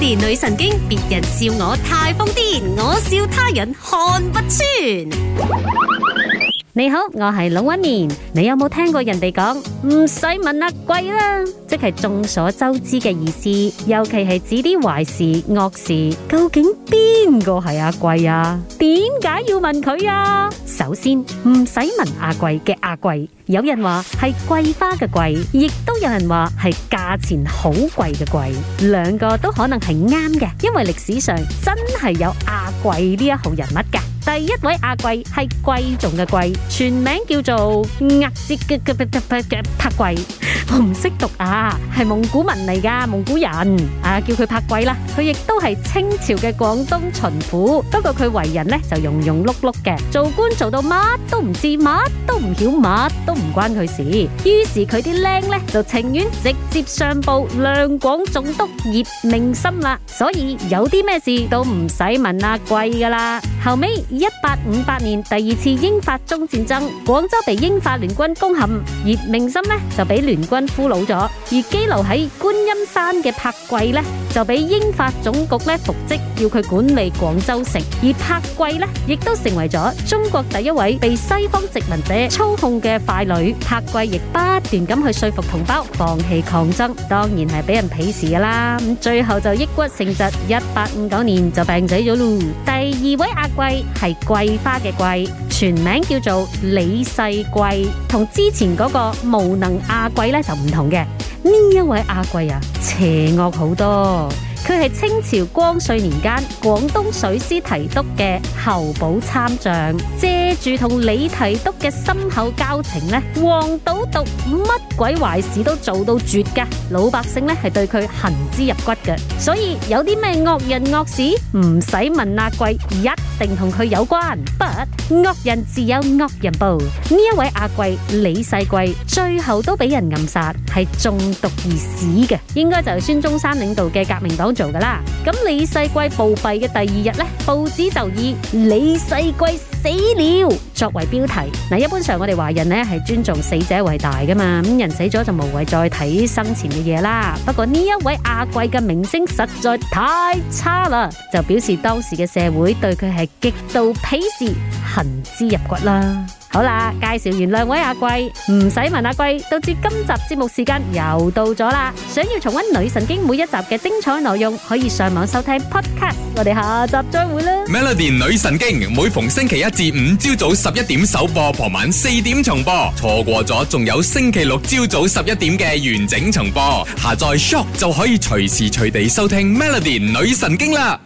年女神經，別人笑我太瘋癲，我笑他人看不穿。你好，我係龍紋敏，你有冇聽過人哋講唔使問阿貴啦？即係眾所周知嘅意思，尤其係指啲壞事惡事，究竟邊個係阿貴啊？點解要問佢啊？首先唔使問阿貴嘅阿貴，有人話係桂花嘅貴，亦都有人話係價錢好貴嘅貴，兩個都可能係啱嘅，因為歷史上真係有阿貴呢一號人物噶。第一位阿貴係貴重嘅貴，全名叫做額哲嘅嘅嘅嘅嘅拍貴， 我唔識讀啊，係蒙古文嚟噶蒙古人啊叫佢拍貴啦。佢亦都係清朝嘅廣東巡撫，不過佢為人呢就庸庸碌碌嘅，做官做到乜都唔知，乜都唔曉，乜都唔關佢事。於是佢啲僆呢就情願直接上報兩廣總督葉明心啦，所以有啲咩事都唔使問阿貴噶啦。後尾一八五八年第二次英法中戰爭，廣州被英法聯軍攻陷，葉名琛呢，就俾聯軍俘虜咗。而羈留喺觀音山嘅柏貴咧，就俾英法總局呢復職，要佢管理廣州城。而柏貴呢，亦都成為咗中國第一位被西方殖民者操控嘅傀儡。柏貴亦不斷咁去說服同胞放棄抗爭，當然係俾人鄙視噶啦。最後就抑鬱成疾，一八五九年就病死咗咯。第二位阿貴係桂花嘅桂，全名叫做李世貴，同之前嗰個無能阿貴呢，就唔同嘅。呢一位阿貴啊，邪惡好多。佢係清朝光緒年間廣東水師提督嘅候補參將，借住同李提督嘅深厚交情咧，黃賭毒乜鬼壞事都做到絕，老百姓咧係對佢恨之入骨嘅，所以有啲咩惡人惡事唔使問阿貴。定同佢有關，不，惡人自有惡人報。呢一位阿貴李世貴最後都俾人暗殺，係中毒而死嘅，應該就係孫中山領導嘅革命黨做噶啦。咁李世貴暴斃嘅第二日呢，報紙就以李世貴。死了，作為標題，嗱，一般上我哋華人咧，係尊重死者為大噶嘛，咁人死咗就無謂再睇生前嘅嘢啦。不過呢一位阿貴嘅名聲實在太差啦，就表示當時嘅社會對佢係極度鄙視，恨之入骨啦。好啦，介紹完兩位阿貴，唔使問阿貴，都知今集節目時間又到咗啦。想要重溫《女神經》每一集嘅精彩內容，可以上網收聽 Podcast。我哋下集再會啦。Melody《女神經》每逢星期一至五朝早十一點首播，傍晚四點重播。錯過咗，仲有星期六朝早十一點嘅完整重播。下載 Shop 就可以隨時隨地收聽 Melody《女神經》啦。